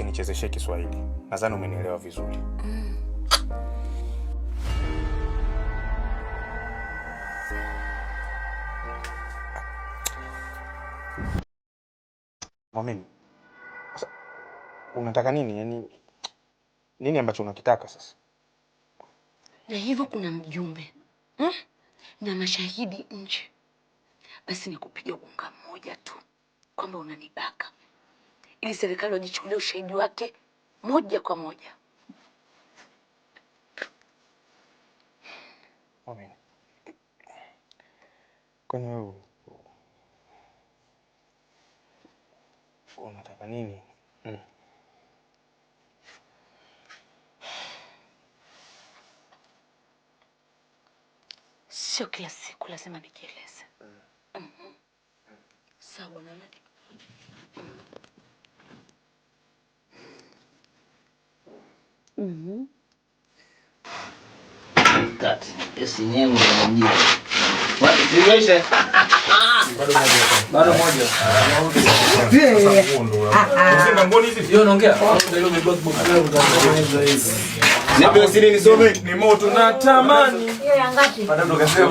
usinichezeshe Kiswahili. Nadhani umenielewa vizuri. Mm. unataka nini? Yaani nini ambacho unakitaka sasa? Na hivyo kuna mjumbe hmm? na mashahidi nje, basi nikupiga bonga mmoja tu kwamba unanibaka ili serikali wajichukulia ushahidi wake moja kwa moja. Amen. Kwani wewe unataka nini? Mm. Sio kila siku lazima nijieleze. Mm. Mm -hmm. Sawa bwana. Mm. Mm -hmm.